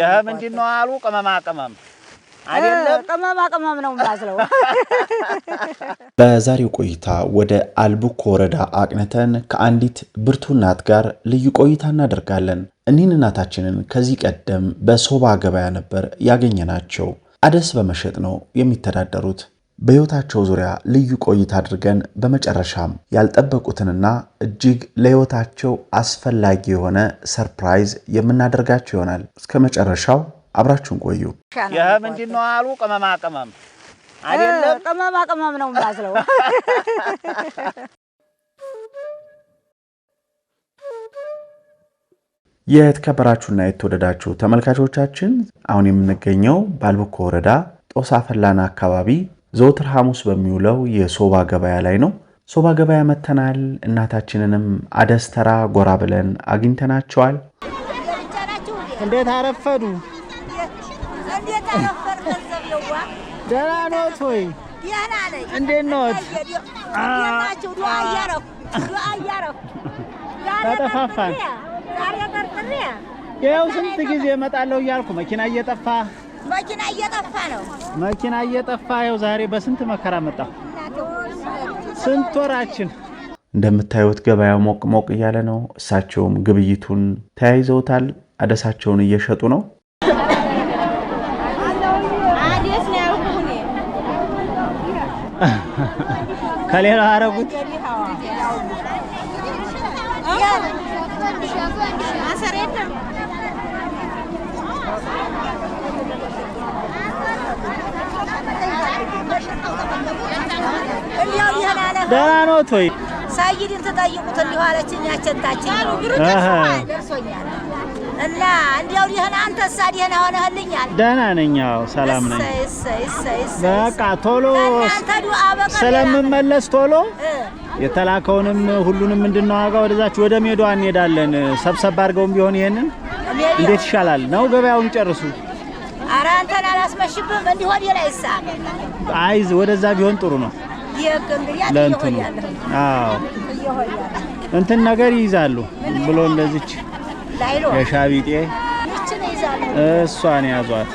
ይህ ምንድን ነው አሉ? ቅመማ ቅመም አይደለም፣ ቅመማ ቅመም ነው ማስለው። በዛሬው ቆይታ ወደ አልቡኮ ወረዳ አቅንተን ከአንዲት ብርቱ እናት ጋር ልዩ ቆይታ እናደርጋለን። እኒህን እናታችንን ከዚህ ቀደም በሶባ ገበያ ነበር ያገኘናቸው። አደስ በመሸጥ ነው የሚተዳደሩት። በሕይወታቸው ዙሪያ ልዩ ቆይታ አድርገን በመጨረሻም ያልጠበቁትንና እጅግ ለሕይወታቸው አስፈላጊ የሆነ ሰርፕራይዝ የምናደርጋቸው ይሆናል። እስከ መጨረሻው አብራችሁን ቆዩ። ይህ ምንድን ነው አሉ? ቅመማ ቅመም አይደለም፣ ቅመማ ቅመም ነው ማስለው የተከበራችሁና የተወደዳችሁ ተመልካቾቻችን አሁን የምንገኘው ባልቦኮ ወረዳ ጦሳ ፈላና አካባቢ ዘውትር ሐሙስ በሚውለው የሶባ ገበያ ላይ ነው። ሶባ ገበያ መተናል። እናታችንንም አደስተራ ጎራ ብለን አግኝተናቸዋል። እንዴት አረፈዱ? ደህና ኖት ወይ? እንዴት ኖት? ተጠፋፋን። ይኸው ስንት ጊዜ እመጣለሁ እያልኩ መኪና እየጠፋ መኪና እየጠፋ ነው። መኪና እየጠፋ ዛሬ በስንት መከራ መጣ። ስንት ወራችን እንደምታዩት ገበያው ሞቅ ሞቅ እያለ ነው። እሳቸውም ግብይቱን ተያይዘውታል። አደሳቸውን እየሸጡ ነው። ከሌላ አረጉት ደህና ኖት ወይ? ሳይድን ተጠይቁት እንዲሁ አለችኝ። ነው ደርሶኛል። እና እንዲያው ሆነህልኛል? ደህና ነኝ፣ ሰላም ነኝ። በቃ ቶሎ ስለምመለስ ቶሎ የተላከውንም ሁሉንም ወደዛች ወደ ሜዳዋ እንሄዳለን። ሰብሰብ አድርገውም ቢሆን ይሄንን እንዴት ይሻላል ነው ገበያውን ጨርሱ ኧረ አንተን አላስመሽብም። እንዲሆን ላይ አይዝ ወደዛ ቢሆን ጥሩ ነው። ለእንትኑ አዎ እንትን ነገር ይይዛሉ ብሎ እንደዚች የሻቢጤ እሷን ያዟት።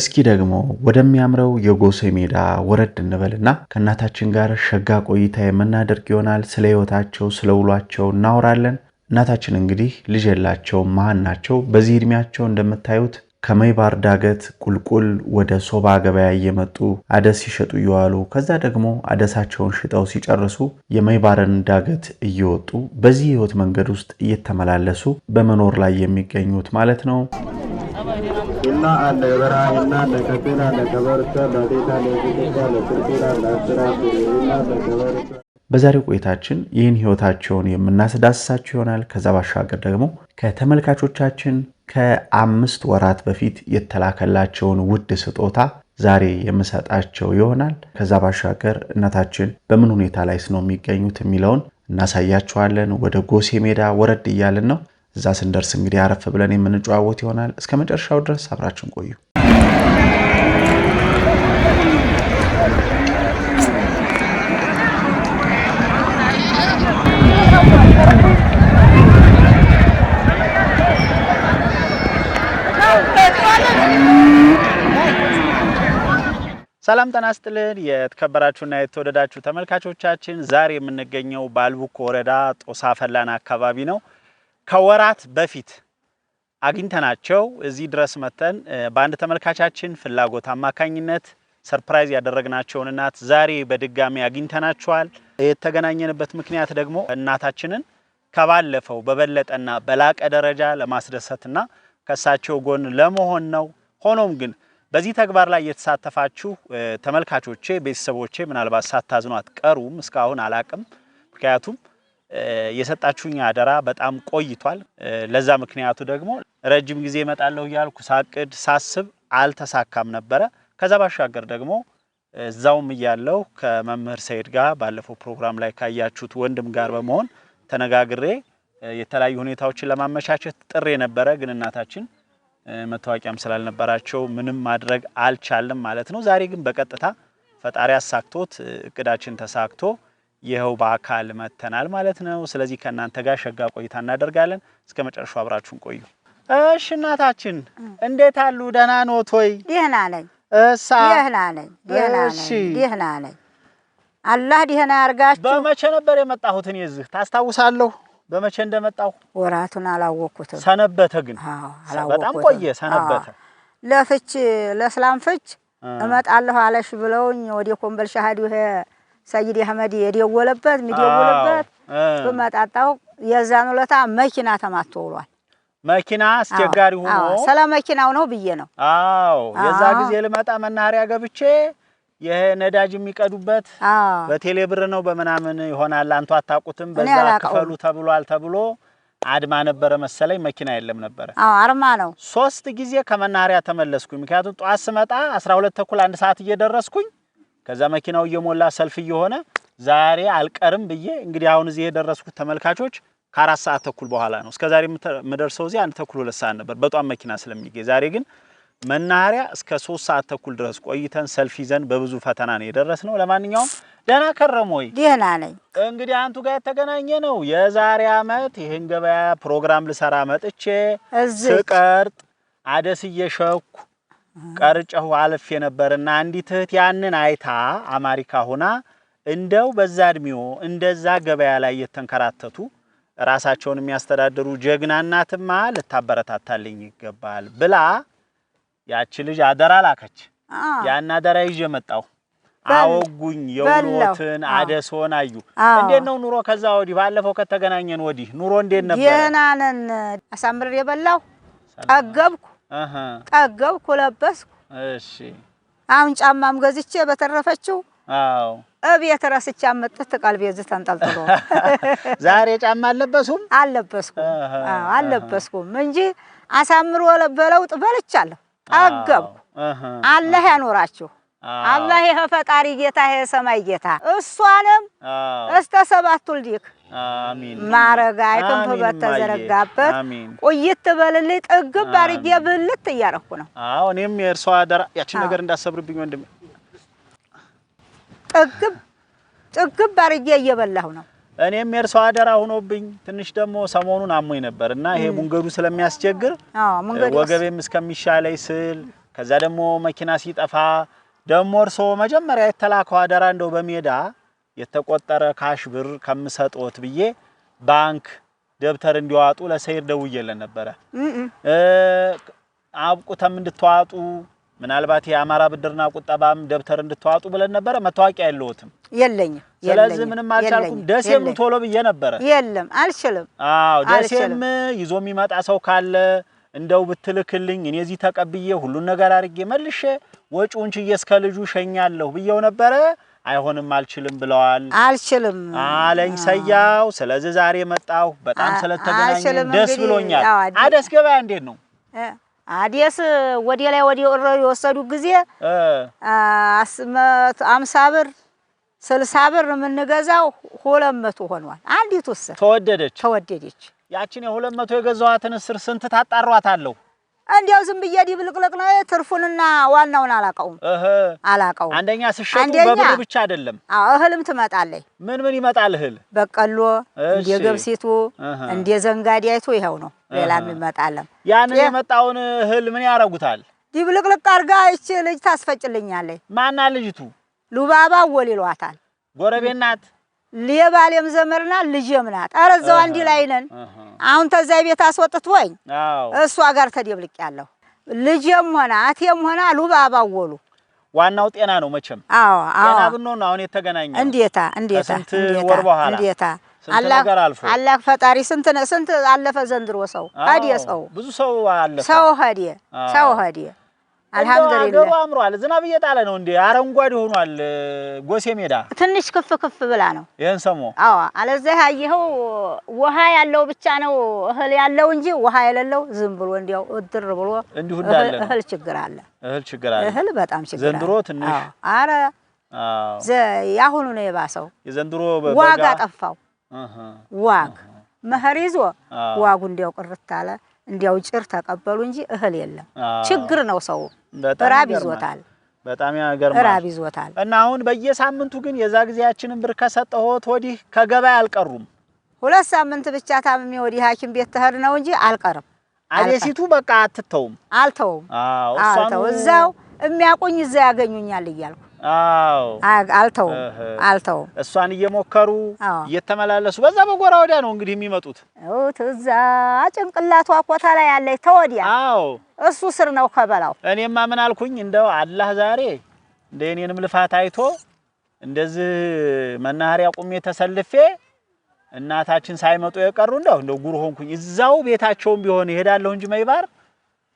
እስኪ ደግሞ ወደሚያምረው የጎሴ ሜዳ ወረድ እንበልና ከእናታችን ጋር ሸጋ ቆይታ የምናደርግ ይሆናል። ስለ ሕይወታቸው ስለ ውሏቸው እናወራለን። እናታችን እንግዲህ ልጅ የላቸው መሀን ናቸው። በዚህ እድሜያቸው እንደምታዩት ከመይባር ዳገት ቁልቁል ወደ ሶባ ገበያ እየመጡ አደስ ሲሸጡ እየዋሉ ከዛ ደግሞ አደሳቸውን ሽጠው ሲጨርሱ የመይባርን ዳገት እየወጡ በዚህ ህይወት መንገድ ውስጥ እየተመላለሱ በመኖር ላይ የሚገኙት ማለት ነው። በዛሬው ቆይታችን ይህን ህይወታቸውን የምናስዳስሳቸው ይሆናል። ከዛ ባሻገር ደግሞ ከተመልካቾቻችን ከአምስት ወራት በፊት የተላከላቸውን ውድ ስጦታ ዛሬ የምሰጣቸው ይሆናል። ከዛ ባሻገር እናታችን በምን ሁኔታ ላይ ነው የሚገኙት የሚለውን እናሳያቸዋለን ወደ ጎሴ ሜዳ ወረድ እያልን ነው። እዛ ስንደርስ እንግዲህ አረፍ ብለን የምንጨዋወት ይሆናል። እስከ መጨረሻው ድረስ አብራችን ቆዩ። ሰላም ጤና ይስጥልን የተከበራችሁና የተወደዳችሁ ተመልካቾቻችን፣ ዛሬ የምንገኘው ባልቡክ ወረዳ ጦሳ ፈላን አካባቢ ነው። ከወራት በፊት አግኝተናቸው እዚህ ድረስ መጥተን በአንድ ተመልካቻችን ፍላጎት አማካኝነት ሰርፕራይዝ ያደረግናቸውን እናት ዛሬ በድጋሚ አግኝተናቸዋል። የተገናኘንበት ምክንያት ደግሞ እናታችንን ከባለፈው በበለጠና በላቀ ደረጃ ለማስደሰትና ከእሳቸው ጎን ለመሆን ነው። ሆኖም ግን በዚህ ተግባር ላይ የተሳተፋችሁ ተመልካቾቼ፣ ቤተሰቦቼ ምናልባት ሳታዝኑ አትቀሩም። እስካሁን አላቅም፣ ምክንያቱም የሰጣችሁኝ አደራ በጣም ቆይቷል። ለዛ ምክንያቱ ደግሞ ረጅም ጊዜ እመጣለሁ እያልኩ ሳቅድ ሳስብ አልተሳካም ነበረ። ከዛ ባሻገር ደግሞ እዛውም እያለሁ ከመምህር ሰይድ ጋር ባለፈው ፕሮግራም ላይ ካያችሁት ወንድም ጋር በመሆን ተነጋግሬ የተለያዩ ሁኔታዎችን ለማመቻቸት ጥሬ ነበረ ግን እናታችን መታወቂያም ስላልነበራቸው ምንም ማድረግ አልቻለም ማለት ነው። ዛሬ ግን በቀጥታ ፈጣሪ አሳክቶት እቅዳችን ተሳክቶ ይኸው በአካል መተናል ማለት ነው። ስለዚህ ከእናንተ ጋር ሸጋ ቆይታ እናደርጋለን። እስከ መጨረሻው አብራችሁን ቆዩ። እሽ እናታችን እንዴት አሉ? ደህና ኖት ወይ? ደህና ነኝ። እሳ ደህና ነኝ። ደህና ነኝ። አላህ ደህና ያርጋችሁ። በመቼ ነበር የመጣሁትን? የዝህ ታስታውሳለሁ በመቼ እንደመጣው ወራቱን አላወቅኩትም። ሰነበተ ግን በጣም ቆየ። ሰነበተ ለፍች ለስላም ፍች እመጣለሁ አለሽ ብለውኝ ወደ ኮምበል ሻህዱ ይሄ ሰይድ አህመድ የደወለበት የሚደወለበት በመጣጣው የዛን ዕለት መኪና ተማቶ ውሏል። መኪና አስቸጋሪ ሆኖ ስለ መኪናው ነው ብዬ ነው። አዎ የዛ ጊዜ ልመጣ መናኸሪያ ገብቼ የነዳጅ የሚቀዱበት በቴሌ ብር ነው በምናምን ይሆናል። አንቱ አታውቁትም። በዛ ክፈሉ ተብሏል ተብሎ አድማ ነበረ መሰለኝ። መኪና የለም ነበረ። አዎ አርማ ነው። ሶስት ጊዜ ከመናኸሪያ ተመለስኩኝ። ምክንያቱም ጠዋት ስመጣ 12 ተኩል አንድ ሰዓት እየደረስኩኝ ከዛ መኪናው እየሞላ ሰልፍ እየሆነ ዛሬ አልቀርም ብዬ እንግዲህ አሁን እዚህ የደረስኩት ተመልካቾች ከአራት ሰዓት ተኩል በኋላ ነው። እስከዛሬ የምደርሰው እዚህ አንድ ተኩል ሁለት ሰዓት ነበር በጧት መኪና ስለሚገኝ ዛሬ ግን መናኸሪያ እስከ ሶስት ሰዓት ተኩል ድረስ ቆይተን ሰልፍ ይዘን በብዙ ፈተና ነው የደረስነው። ለማንኛውም ደህና ከረሙ ወይ? ደህና ነኝ። እንግዲህ አንቱ ጋር የተገናኘ ነው የዛሬ አመት ይህን ገበያ ፕሮግራም ልሰራ መጥቼ ስቀርጥ አደስ እየሸኩ ቀርጨሁ አልፌ ነበርና አንዲት እህት ያንን አይታ አማሪካ ሆና እንደው በዛ እድሜዎ እንደዛ ገበያ ላይ የተንከራተቱ ራሳቸውን የሚያስተዳድሩ ጀግና እናትማ ልታበረታታልኝ ይገባል ብላ ያቺ ልጅ አደራ ላከች። ያን አደራ ይዤ መጣሁ። አወጉኝ። የውሎትን አደሶን አዩ። እንዴት ነው ኑሮ? ከዛ ወዲህ ባለፈው ከተገናኘን ወዲህ ኑሮ እንዴት ነበር? የናነን አሳምር የበላሁ ጠገብኩ፣ ጠገብኩ፣ ለበስኩ። እሺ አሁን ጫማም ገዝቼ በተረፈችው አዎ እቤት ረስቼ አመጣት። ቀልቤ እዚህ ተንጠልጥሎ ዛሬ ጫማ አለበስኩም አለበስኩም አለበስኩም እንጂ አሳምሮ በለውጥ በልቻለሁ። ጠገብኩ። አላህ ያኖራችሁ። አላህ ይሄ ፈጣሪ ጌታ ይሄ ሰማይ ጌታ እሷንም እስተ ሰባቱ ልዲክ ማረጋ አይከንቱ በተዘረጋበት ቆይት በልልኝ ጥግብ አድርጌ ብልት እያረኩ ነው። አዎ እኔም የእርሷ አደራ ያችን ነገር እንዳሰብርብኝ ወንድሜ ጥግብ ጥግብ አድርጌ እየበላሁ ነው። እኔም የእርሰው አደራ ሆኖብኝ ትንሽ ደግሞ ሰሞኑን አሞኝ ነበር እና ይሄ መንገዱ ስለሚያስቸግር ወገቤም እስከሚሻለኝ ስል ከዛ ደግሞ መኪና ሲጠፋ ደግሞ እርሶ መጀመሪያ የተላከው አደራ እንደው በሜዳ የተቆጠረ ካሽ ብር ከምሰጥዎት ብዬ ባንክ ደብተር እንዲዋጡ ለሰይር ደውዬለን ነበረ አብቁተም እንድትዋጡ ምናልባት የአማራ ብድርና ቁጠባም ደብተር እንድትዋጡ ብለን ነበረ። መታወቂያ የለዎትም? የለኝም። ስለዚህ ምንም አልቻልኩም። ደሴም ቶሎ ብዬ ነበረ። የለም አልችልም። አዎ ደሴም ይዞ የሚመጣ ሰው ካለ እንደው ብትልክልኝ እኔ እዚህ ተቀብዬ ሁሉን ነገር አድርጌ መልሼ ወጪውን ችዬ እስከ ልጁ ሸኛለሁ ብየው ነበረ። አይሆንም አልችልም ብለዋል። አልችልም አለኝ ሰያው። ስለዚህ ዛሬ መጣሁ። በጣም ስለተገናኘን ደስ ብሎኛል። አደስ ገበያ እንዴት ነው? አዲስ ወደ ላይ ወደ ወረድ የወሰዱ ጊዜ አምሳ ብር ስልሳ ብር የምንገዛው ሁለት መቶ ሆኗል። አንዲቱ ስር ተወደደች ተወደደች። ያችን የሁለት መቶ የገዛዋትን ስር ስንት ታጣሯታለሁ? እንዲያው ዝም ብዬ ዲብልቅልቅ ነው። ትርፉንና ዋናውን አላቀውም አላቀውም። አንደኛ ስሸጡ በብር ብቻ አይደለም። አዎ እህልም ትመጣለች። ምን ምን ይመጣል? እህል በቀሎ፣ እንደ ገብሲቱ፣ እንደ ዘንጋዲያይቱ ይኸው ነው። ሌላም ይመጣለም። ያንን የመጣውን እህል ምን ያረጉታል? ዲብልቅልቅ አድርጋ ይቺ ልጅ ታስፈጭልኛለች። ማና ልጅቱ? ሉባባ ወል ይሏታል። ሌባሌም ዘመድ ናት ልጄም ናት። ኧረ እዛው አንድ ላይ ነን። አሁን ተዛ ቤት አስወጥቶኝ እሷ ጋር ተደብልቄያለሁ። ልጄም ሆነ አቴም ሆነ ሉባባ ወሉ ዋናው ጤና ነው መቼም። አዎ አዎ፣ ጤና አሁን የተገናኘ እንዴታ እንዴታ እንዴታ አላህ ፈጣሪ ስንት ስንት አለፈ ዘንድሮ ሰው ሀዲ ሰው ብዙ ሰው አለፈ ሰው ሀዲ ሰው ሀዲ አልሐምዱሊላህ አገሩ አምሯል። ዝናብ እየጣለ ነው እንዴ? አረንጓዴ ሆኗል ጎሴ ሜዳ። ትንሽ ክፍ ክፍ ብላ ነው ሰሞ። አዎ፣ ውሃ ያለው ብቻ ነው እህል ያለው እንጂ ውሃ የሌለው ዝም ብሎ እንዲያው እድር ብሎ እንዲሁ እንዳለ እህል ችግር አለ። እህል ችግር አለ። እህል በጣም ችግር አለ። ዘንድሮ ትንሽ አረ ነው የባሰው። የዘንድሮ ዋጋ ጠፋው። ዋግ መኸር ይዞ ዋጉ እንዲያው ቅርት አለ። እንዲያው ጭር ተቀበሉ እንጂ እህል የለም። ችግር ነው። ሰው ራብ ይዞታል። በጣም ያገርማል። ራብ ይዞታል። እና አሁን በየሳምንቱ ግን የዛ ጊዜያችንን ብር ከሰጠሁት ወዲህ ከገበያ አልቀሩም። ሁለት ሳምንት ብቻ ታምሜ ወዲህ ሐኪም ቤት ተሄድ ነው እንጂ አልቀርም። አዴሲቱ በቃ አትተውም። አልተውም። አዎ እዛው የሚያቆኝ እዛ ያገኙኛል እያልኩ አዎ አልተው አልተው እሷን እየሞከሩ እየተመላለሱ በዛ በጎራ ወዲያ ነው እንግዲህ የሚመጡት። እውት እዛ ጭንቅላቷ ኮታ ላይ ያለች ተወዲያ። አዎ እሱ ስር ነው ከበላው። እኔማ ምን አልኩኝ፣ እንደው አላህ ዛሬ እንደ እኔንም ልፋት አይቶ እንደዚህ መናኸሪያ ቁሜ ተሰልፌ እናታችን ሳይመጡ የቀሩ እንደው እንደው ጉር ሆንኩኝ። እዛው ቤታቸውም ቢሆን ይሄዳለሁ እንጂ መይባር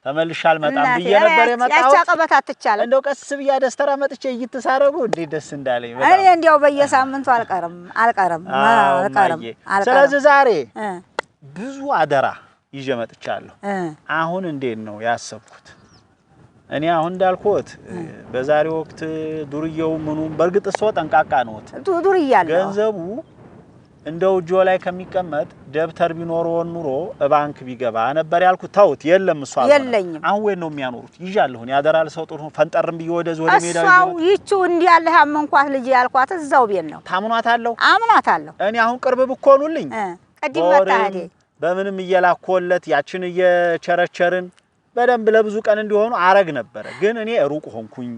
ተመልሼ አልመጣም ብዬ ነበር የመጣሁት። ያቺ አቀበት አትቻልም። እንደው ቀስ ብዬ ደስተራ መጥቼ እይትሳረጉ እንዴት ደስ እንዳለኝ እኔ እንዲያው በየሳምንቱ አልቀርም አልቀርም አልቀርም። ስለዚህ ዛሬ ብዙ አደራ ይዤ መጥቻለሁ። አሁን እንዴት ነው ያሰብኩት? እኔ አሁን እንዳልኩት በዛሬ ወቅት ዱርየው ምኑም በእርግጥ እሶ ጠንቃቃ ነዎት። ዱርያለሁ ገንዘቡ እንደ ውጆ ላይ ከሚቀመጥ ደብተር ቢኖረውን ኑሮ ባንክ ቢገባ ነበር ያልኩት። ተውት፣ የለም እሷ የለኝም። አሁን ወይ ነው የሚያኖሩት። ይዣለሁን ያደራል ሰው ጥሩ ፈንጠርም ብዬ ወደ ወደ ሜዳ እሷው ይቺው እንዲህ ያለ አመንኳት ልጅ ያልኳት እዛው ቤት ነው። ታምኗታለሁ፣ አምኗታለሁ። እኔ አሁን ቅርብ ብኮኑልኝ ቅድም መታህዴ በምንም እየላኮለት ያችን እየቸረቸርን በደንብ ለብዙ ቀን እንዲሆኑ አረግ ነበረ። ግን እኔ ሩቅ ሆንኩኝ።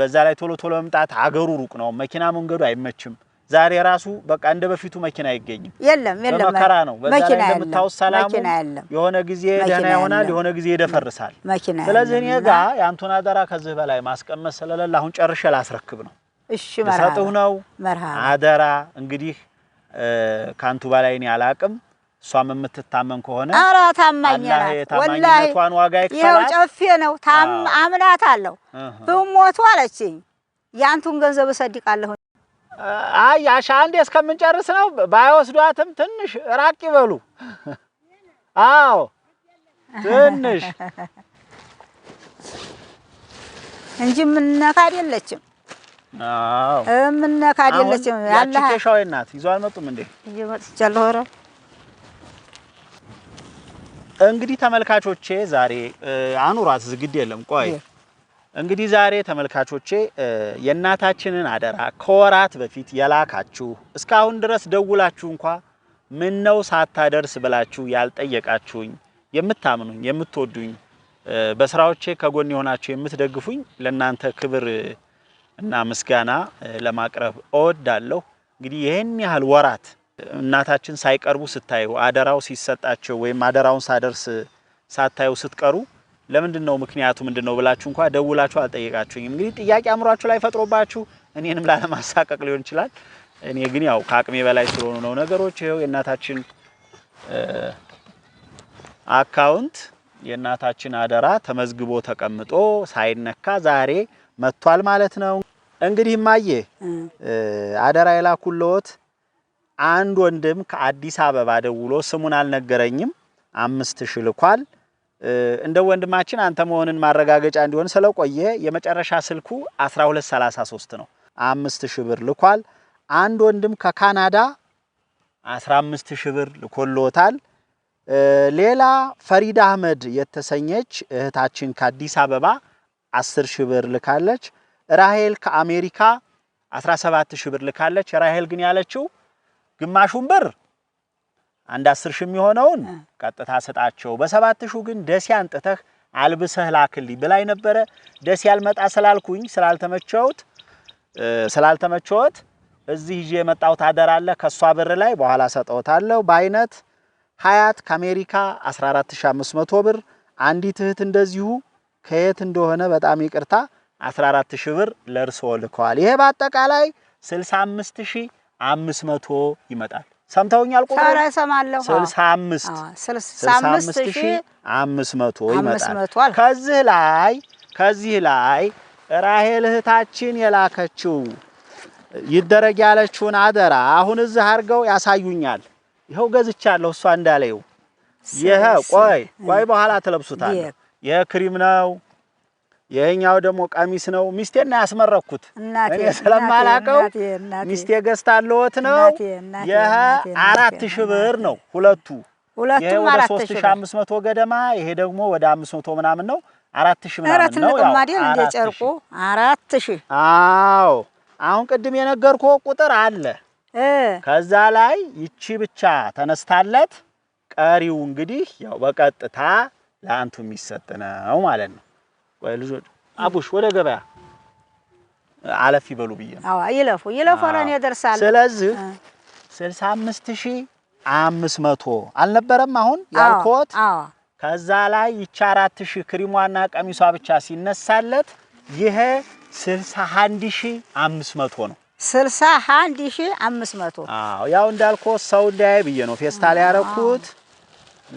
በዛ ላይ ቶሎ ቶሎ መምጣት አገሩ ሩቅ ነው፣ መኪና መንገዱ አይመችም። ዛሬ ራሱ በቃ እንደ በፊቱ መኪና አይገኝም። የለም የለም፣ መከራ ነው። በዛ ላይ እንደምታውስ ሰላሙ የሆነ ጊዜ ደህና ይሆናል፣ የሆነ ጊዜ ይደፈርሳል መኪና። ስለዚህ እኔ ጋ የአንቱን አደራ ከዚህ በላይ ማስቀመጥ ስለሌለ አሁን ጨርሼ ላስረክብ ነው። እሺ፣ መርሃ ነው አደራ። እንግዲህ ከአንቱ በላይ እኔ አላቅም። እሷም የምትታመን ከሆነ ኧረ ታማኝ ናት ወላሂ። ይኸው ጨፌ ነው ታም አምናት አለሁ ብሞቱ አለችኝ። የአንቱን ገንዘብ እሰድቃለሁ አይ አሻ አንዴ እስከምንጨርስ ነው። ባይወስዷትም ትንሽ ራቅ ይበሉ። አዎ ትንሽ እንጂ የምነካ አይደለችም። አዎ የምነካ አይደለችም። ያቺ ኬሻዊ እናት ይዞ አልመጡም እንዴ? ይዤ መጥቻለሁ። ኧረ እንግዲህ ተመልካቾቼ ዛሬ አኑራት ዝግድ የለም ቆይ እንግዲህ ዛሬ ተመልካቾቼ የእናታችንን አደራ ከወራት በፊት የላካችሁ እስካሁን ድረስ ደውላችሁ እንኳ ምን ነው ሳታደርስ ብላችሁ ያልጠየቃችሁኝ የምታምኑኝ፣ የምትወዱኝ፣ በስራዎቼ ከጎን የሆናችሁ የምትደግፉኝ ለእናንተ ክብር እና ምስጋና ለማቅረብ እወዳለሁ። እንግዲህ ይህን ያህል ወራት እናታችን ሳይቀርቡ ስታዩ አደራው ሲሰጣቸው ወይም አደራውን ሳደርስ ሳታዩ ስትቀሩ ለምንድን ነው ምክንያቱ ምንድን ነው ብላችሁ እንኳ ደውላችሁ አልጠየቃችሁኝም። እንግዲህ ጥያቄ አእምሯችሁ ላይ ፈጥሮባችሁ እኔንም ላለማሳቀቅ ሊሆን ይችላል። እኔ ግን ያው ከአቅሜ በላይ ስለሆኑ ነው ነገሮች። ይኸው የእናታችን አካውንት የእናታችን አደራ ተመዝግቦ ተቀምጦ ሳይነካ ዛሬ መጥቷል ማለት ነው። እንግዲህ ማየ አደራ የላኩለት አንድ ወንድም ከአዲስ አበባ ደውሎ ስሙን አልነገረኝም፣ አምስት ሽልኳል። ልኳል። እንደ ወንድማችን አንተ መሆንን ማረጋገጫ እንዲሆን ስለቆየ የመጨረሻ ስልኩ 1233 ነው። አምስት ሺህ ብር ልኳል። አንድ ወንድም ከካናዳ 15 ሺህ ብር ልኮልዎታል። ሌላ ፈሪዳ አህመድ የተሰኘች እህታችን ከአዲስ አበባ 10 ሺህ ብር ልካለች። ራሄል ከአሜሪካ 17 ሺህ ብር ልካለች። ራሄል ግን ያለችው ግማሹን ብር አንድ አስር ሺህ የሚሆነውን ቀጥታ ስጣቸው፣ በሰባት ሺህ ግን ደሴ አንጥተህ አልብሰህ ላክልኝ ብላኝ ነበረ። ደሴ ያልመጣ ስላልኩኝ ስላልተመቸውት ስላልተመቸወት እዚህ ይዤ የመጣሁት አደራ አለ። ከእሷ ብር ላይ በኋላ ሰጠውታለሁ። በአይነት ሀያት ከአሜሪካ 14500 ብር። አንዲት እህት እንደዚሁ ከየት እንደሆነ በጣም ይቅርታ 14000 ብር ለእርስዎ ልከዋል። ይሄ በአጠቃላይ 65500 ይመጣል። ሰምተውኛል። ቁጥሩ ኧረ እሰማለሁ። ስልሳ አምስት ስልሳ አምስት ሺህ አምስት መቶ ይመጣል። ከዚህ ላይ ከዚህ ላይ ራሄል እህታችን የላከችው ይደረግ ያለችውን አደራ አሁን እዚህ አድርገው ያሳዩኛል። ይኸው ገዝቻለሁ። እሷ እንዳለው ይኸ ቆይ ቆይ፣ በኋላ ትለብሱታል። ይሄ ክሪም ነው ይሄኛው ደግሞ ቀሚስ ነው። ሚስቴና ያስመረኩት እኔ ስለማላቀው ሚስቴ ገዝታለሁት ነው። ይሄ አራት ሺህ ብር ነው ሁለቱ ሁለቱም አራት ሺህ ብር 3500 ገደማ። ይሄ ደግሞ ወደ 500 ምናምን ነው። አራት ሺህ ምናምን ነው። ያው እንደ ጨርቁ አራት ሺህ አዎ። አሁን ቅድም የነገርኩ ቁጥር አለ ከዛ ላይ ይቺ ብቻ ተነስታለት ቀሪው እንግዲህ ያው በቀጥታ ለአንቱ የሚሰጥ ነው ማለት ነው። ወይ ልጆች አቡሽ ወደ ገበያ አለፍ ይበሉ ብዬ አዎ፣ ይለፉ ይለፉ፣ ኧረ እኔ ስለዚህ ስልሳ ሺህ አምስት መቶ አልነበረም አሁን ያልኮት? አዎ። ከዛ ላይ ይቺ አራት ሺህ ክሪሟና ቀሚሷ ብቻ ሲነሳለት ይሄ ስልሳ ሺህ አምስት መቶ ነው። ስልሳ ሺህ አምስት መቶ አዎ። ያው እንዳልኮት ሰው እንዳያይ ብዬ ነው ፌስታል ያረኩት።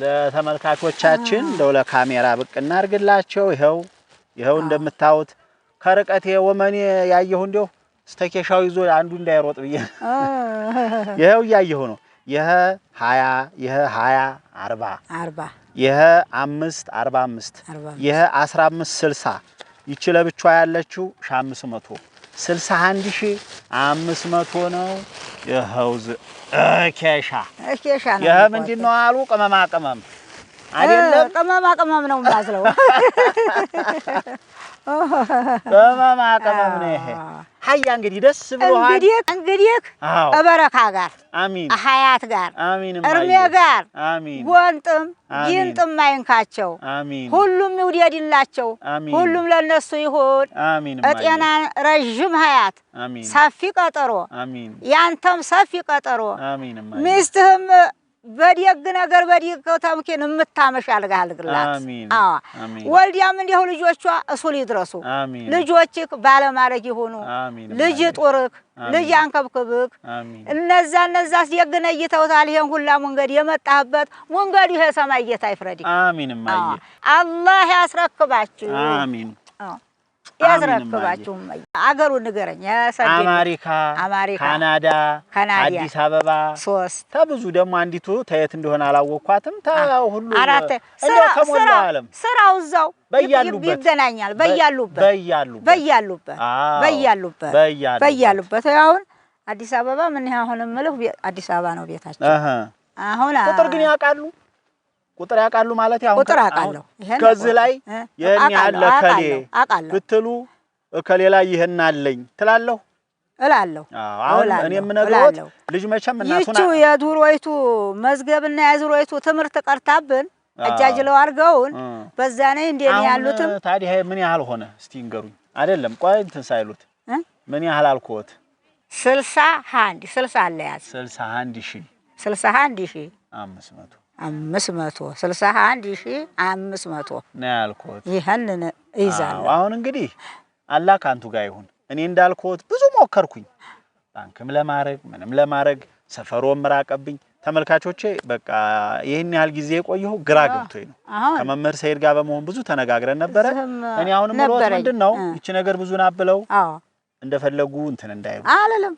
ለተመልካቾቻችን እንደው ለካሜራ ብቅ እናርግላቸው ይኸው ይኸው እንደምታዩት ከርቀት ወመኔ ያየሁ እንዲሁ ስተኬሻው ይዞ አንዱ እንዳይሮጥ ብዬ ይኸው እያየሁ ነው። ይሄ 20 ይሄ 20 40 40 ይሄ 5 45 ይሄ 15 60 ይቺ ለብቻ ያለችው 500 61 ሺህ 500 ነው። ይኸው ኬሻ ይሄ ምንድን ነው አሉ ቅመማ ቅመም አይደለም ቅመማ ቅመም ነው የማዝለው። ቅመማ ቅመም ነው ይሄ። ሀያ እንግዲህ ደስ ብሎሃል። እንግዲህ እንግዲህ እበረካ ጋር አሚን፣ ሀያት ጋር አሚን፣ እርሜ ጋር አሚን፣ ጎንጥም ይንጥም አይንካቸው። አሚን፣ ሁሉም ይውደድላቸው። ሁሉም ለነሱ ይሁን። አሚን፣ ጤና ረዥም ሀያት፣ ሰፊ ቀጠሮ፣ ያንተም ሰፊ ቀጠሮ፣ ሚስትህም በደግ ነገር በደግ ተምኪን የምታመሽ አልጋ አልግላት። አዎ ወልዲያም እንዲሁ ልጆቿ እሱል ይድረሱ። ልጆችህ ባለማረግ ይሁኑ። ልጅ ጦርክ ልጅ አንከብክብክ። እነዛ እነዛ ሲየግነ እይተውታል። ይሄን ሁላ መንገድ የመጣህበት መንገድ ይሄ ሰማይ ጌታ ይፍረድ። አሚን። አላህ ያስረክባችሁ። አሚን። ያስረክባችሁም አገሩ ንገረኝ። አሜሪካ፣ ካናዳ፣ አዲስ አበባ ሶስት ተብዙ ደግሞ አንዲቱ ተየት እንደሆነ አላወቅኳትም። ሁሉ ከሞላ ዓለም ስራው እዛው በያሉበት ይገናኛል። በያሉበት በያሉበት በያሉበት በያሉበት አሁን አዲስ አበባ ምን አሁን የምልህ አዲስ አበባ ነው ቤታቸው። አሁን ቁጥር ግን ያውቃሉ ቁጥር ያውቃሉ ማለት ያው ቁጥር አውቃለሁ። ከዚህ ላይ ይሄን ያለ እከሌ ብትሉ እከሌ ላይ ይሄን አለኝ ትላለሁ እላለሁ። አሁን እኔ የምነግሮት ልጅ መቼም እናቱና ይቺው የዱሮይቱ መዝገብና የዙሮይቱ ትምህርት ቀርታብን አጃጅለው አድርገውን በዛ ላይ እንዴ ነው ያሉትም። ታዲያ ምን ያህል ሆነ እስቲ እንገሩኝ። አይደለም ቆይ እንትን ሳይሉት ምን ያህል አልኩት? ስልሳ አንድ ስልሳ አለያዝ ስልሳ አንድ ስልሳ አንድ አምስት መቶ አምስት መቶ ስልሳ አንድ ሺ አምስት መቶ ነው ያልኩት። ይህንን እይዛለሁ። አሁን እንግዲህ አላህ ከአንቱ ጋር ይሁን። እኔ እንዳልኩት ብዙ ሞከርኩኝ፣ ባንክም ለማድረግ ምንም ለማድረግ ሰፈሮም ራቀብኝ። ተመልካቾቼ በቃ ይህን ያህል ጊዜ የቆየሁ ግራ ገብቶኝ ነው። ከመምህር ሰይድ ጋር በመሆን ብዙ ተነጋግረን ነበረ። እኔ አሁን ምሮት ምንድን ነው ይቺ ነገር ብዙ ናብለው እንደፈለጉ እንትን እንዳይሉ አላለም።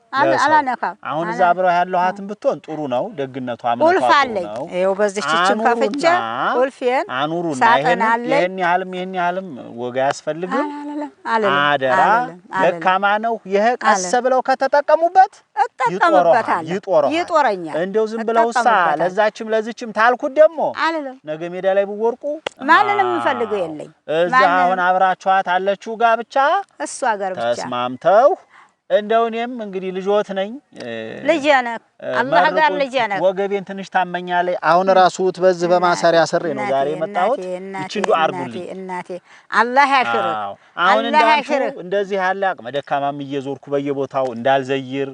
አላነካም። አሁን እዛ አብረው ያለኋትን ብትሆን ጥሩ ነው። ደግነቷ ምን ነው አለኝ። ይኸው በዚህ ከፍቼ ያህልም ያህልም ወጋ አደራ ደካማ ነው ቀስ ብለው ከተጠቀሙበት እጠቀምበታል፣ ይጦረኛል። እንደው ዝም ብለውሳ ለዛችም ለዚችም ታልኩት ደግሞ ነገ ሜዳ ላይ ብወርቁ ማንንም የምፈልገው የለኝ። እዛ አሁን አብራችኋት አለችው ጋር ብቻ እሷ ጋር ብቻ ተስማምተው እንደው እኔም እንግዲህ ልጆት ነኝ ልጅ ነህ አላህ ጋር ልጅ ነህ። ወገቤን ትንሽ ታመኛለች። አሁን ራሱ በዚህ በማሰሪያ ስሬ ነው ዛሬ የመጣሁት። እቺን ዱአ አድርጉልኝ እናቴ፣ አላህ ያሽርህ። አሁን እንደዚህ ያለ አቅመ ደካማም እየዞርኩ በየቦታው እንዳልዘይር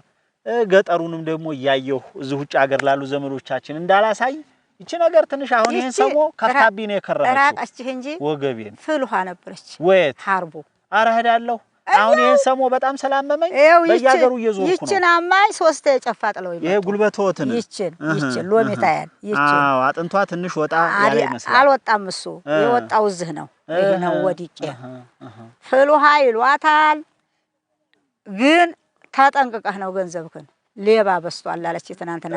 ገጠሩንም ደግሞ እያየሁ እዚህ ውጭ ሀገር ላሉ ዘመዶቻችን እንዳላሳይ ይቺ ነገር ትንሽ አሁን ይህን ሰሞ ከፍታቢ ነው የከረመችው። እንጂ ወገቤን ፍል ነበረች። ወየት ሀርቦ አረህዳለሁ አሁን ይህን ሰሞ በጣም ስላመመኝ በየሀገሩ እየዞርኩ ነው። ይችን አማኝ ሶስት የጨፋጥለው ጥለው ይመጡ ይሄ ጉልበትዎትን ይችን ይችን ሎሜታ ያል ይችን አጥንቷ ትንሽ ወጣ ያለ ይመስላል። አልወጣም እሱ የወጣው እዚህ ነው። ይሄ ነው ወዲቄ ፍል ይሏታል ግን ታጠንቅቀህ ነው ገንዘብክን ሌባ በስቷል አለች። ትናንትና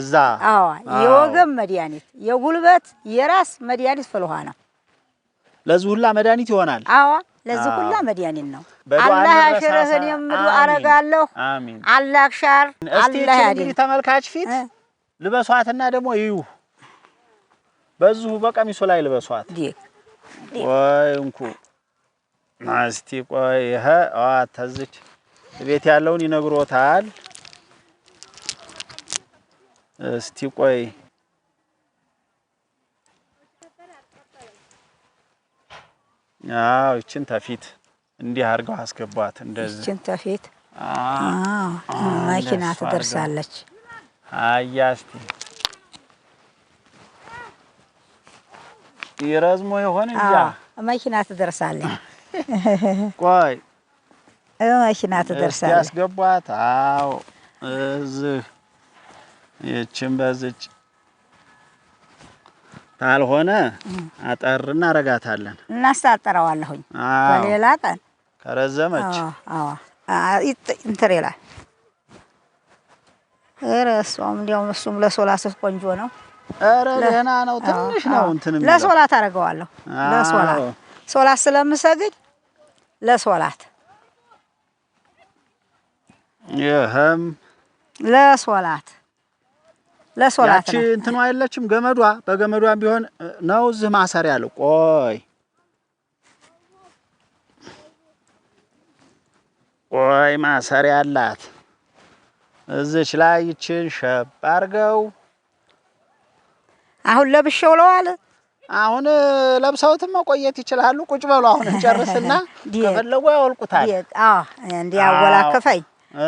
እዛ አዎ፣ የወገብ መድኃኒት፣ የጉልበት የራስ መድኃኒት ፍልውሃ ነው። ለዚህ ሁላ መድኃኒት ይሆናል። አዎ፣ ለዚህ ሁላ መድኃኒት ነው። አላህ አሽረህን የምሉ አረጋለሁ። አሚን። አላህ ሻር አላህ ያዲ ተመልካች ፊት ልበሷትና ደግሞ ይዩ በዚሁ በቀሚሱ ላይ ልበሷት። ወይ እንኩ ማስቲ ቆይ ሀ አዋ ተዝች ቤት ያለውን ይነግሮታል። እስቲ ቆይ አዎ፣ እቺን ተፊት እንዲህ አድርገው አስገቧት። እንደዚህ ይችን ተፊት መኪና ትደርሳለች። አያ እስቲ ይረዝሞ የሆነ እንጃ መኪና ትደርሳለች። ቆይ መኪና ትደርሳለህ። ያስገቧት። አዎ እዚህ ይህችን በዝጭ ካልሆነ አጠር እናረጋታለን። እናስታጠረዋለሁኝ በሌላ ቀን ከረዘመች እንትር ይላል። ኧረ እሷም እንዲያውም እሱም ለሶላት ቆንጆ ነው። ኧረ ደህና ነው። ትንሽ ነው እንትን ለሶላት አደርገዋለሁ። ለሶላት ሶላት ስለምሰግድ ለሶላት ይህም ለሶላት ለሶላት እንትኗ የለችም ገመዷ። በገመዷም ቢሆን ነው እዚህ ማሰሪያ ያለው። ቆይ ቆይ ማሰሪያ አላት። እዚች ላይ ይችን ሸብ አድርገው። አሁን ለብሼው ውለዋል አሁን ለብሰውትም መቆየት ይችላሉ። ቁጭ በሉ። አሁን ጨርስና ከፈለጉ ያወልቁታል። እንዲህ አወላከፈኝ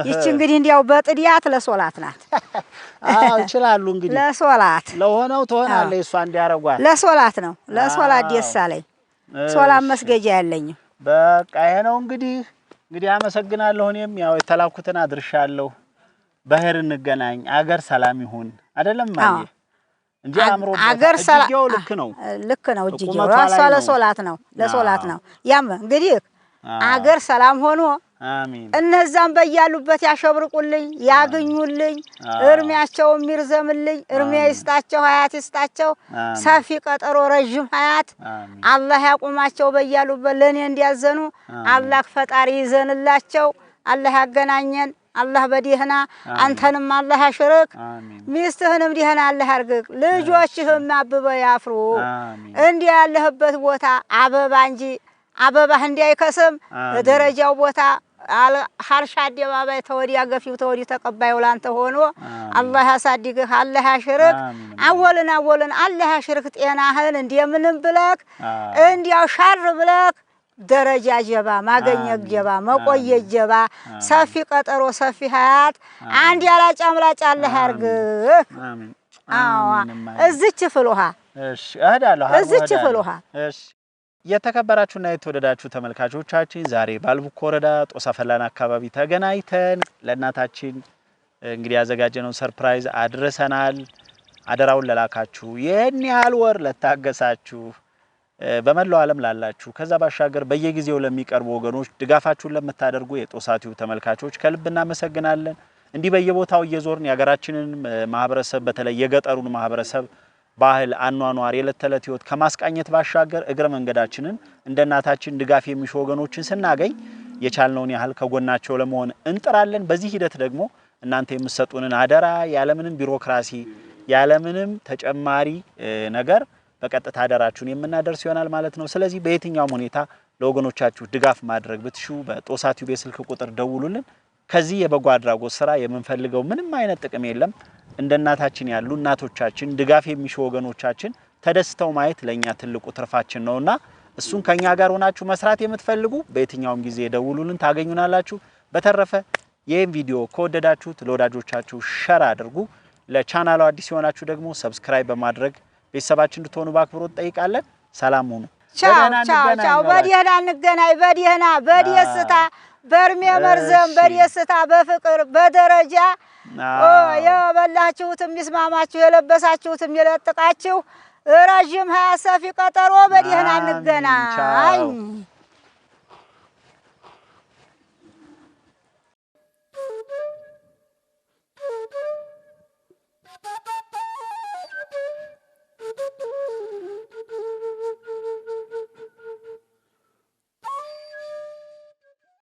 ይቺ እንግዲህ እንዲያው በጥድያት ለሶላት ናት። አዎ ይችላሉ እንግዲህ ለሶላት ለሆነው ትሆናለች። እሷ እንዲያረጓል ለሶላት ነው። ለሶላት ደስ ሶላት መስገጃ ያለኝም በቃ ይሄ ነው እንግዲህ እንግዲህ አመሰግናለሁ። እኔም ያው የተላኩትን አድርሻለሁ። በኸይር እንገናኝ። አገር ሰላም ይሁን። አይደለም ማለት እንጂ አምሮ አገር ሰላም ልክ ነው፣ ልክ ነው። እጅጌው ራሷ ለሶላት ነው፣ ለሶላት ነው። ያም እንግዲህ አገር ሰላም ሆኖ እነዛም በያሉበት ያሸብርቁልኝ፣ ያግኙልኝ፣ እድሜያቸው የሚርዘምልኝ እድሜ ይስጣቸው፣ ሀያት ይስጣቸው፣ ሰፊ ቀጠሮ፣ ረዥም ሀያት አላህ ያቁማቸው። በያሉበት ለእኔ እንዲያዘኑ አላህ ፈጣሪ ይዘንላቸው። አላህ ያገናኘን። አላህ በዲህና አንተንም አላህ ያሽርክ፣ ሚስትህንም ዲህና አላህ ያርግክ፣ ልጆችህም አብበው ያፍሩ። እንዲህ ያለህበት ቦታ አበባ እንጂ አበባህ እንዲያይከስም ደረጃው ቦታ ሀርሻ አደባባይ ተወዲያ ገፊው ተወዲ ተቀባዩ ላንተ ሆኖ አላህ ያሳድግህ። አላህ ያሽርክ አወልን አወልን አላህ ያሽርክ ጤናህን እንደምንም ብለክ እንዲያው ሻር ብለክ ደረጃ ጀባ ማገኘ ጀባ መቆየ ጀባ ሰፊ ቀጠሮ ሰፊ ሀያት አንድ ያላጫ ምላጫ አለህ ያርግህ። አዎ እዚች ፍሉሃ እሺ፣ ውሃ እዚች ፍሉሃ እሺ። የተከበራችሁና የተወደዳችሁ ተመልካቾቻችን ዛሬ በአልቡኮ ወረዳ ጦሳ ፈላና አካባቢ ተገናኝተን ለእናታችን እንግዲህ ያዘጋጀነው ሰርፕራይዝ አድርሰናል። አደራውን ለላካችሁ ይህን ያህል ወር ለታገሳችሁ፣ በመላው ዓለም ላላችሁ፣ ከዛ ባሻገር በየጊዜው ለሚቀርቡ ወገኖች ድጋፋችሁን ለምታደርጉ የጦሳ ቲዩብ ተመልካቾች ከልብ እናመሰግናለን። እንዲህ በየቦታው እየዞርን የሀገራችንን ማህበረሰብ በተለይ የገጠሩን ማህበረሰብ ባህል፣ አኗኗር፣ የዕለት ተዕለት ህይወት ከማስቃኘት ባሻገር እግረ መንገዳችንን እንደ እናታችን ድጋፍ የሚሹ ወገኖችን ስናገኝ የቻልነውን ያህል ከጎናቸው ለመሆን እንጥራለን። በዚህ ሂደት ደግሞ እናንተ የምትሰጡንን አደራ ያለምንም ቢሮክራሲ ያለምንም ተጨማሪ ነገር በቀጥታ አደራችሁን የምናደርስ ይሆናል ማለት ነው። ስለዚህ በየትኛውም ሁኔታ ለወገኖቻችሁ ድጋፍ ማድረግ ብትሹ በጦሳ ቲዩብ የስልክ ቁጥር ደውሉልን። ከዚህ የበጎ አድራጎት ስራ የምንፈልገው ምንም አይነት ጥቅም የለም። እንደ እናታችን ያሉ እናቶቻችን፣ ድጋፍ የሚሹ ወገኖቻችን ተደስተው ማየት ለእኛ ትልቁ ትርፋችን ነውና እሱን ከኛ ጋር ሆናችሁ መስራት የምትፈልጉ በየትኛውም ጊዜ ደውሉልን፣ ታገኙናላችሁ። በተረፈ ይህም ቪዲዮ ከወደዳችሁት ለወዳጆቻችሁ ሸር አድርጉ። ለቻናሉ አዲስ የሆናችሁ ደግሞ ሰብስክራይብ በማድረግ ቤተሰባችን እንድትሆኑ በአክብሮት ጠይቃለን። ሰላም ሁኑ። ቻው ቻው። በደህና እንገናኝ። በደህና በደስታ በእድሜ መርዘም በደስታ በፍቅር በደረጃ የበላችሁት የሚስማማችሁ የለበሳችሁት የሚለጥቃችሁ ረዥም ሀያ ሰፊ ቀጠሮ በደህና እንገናኝ።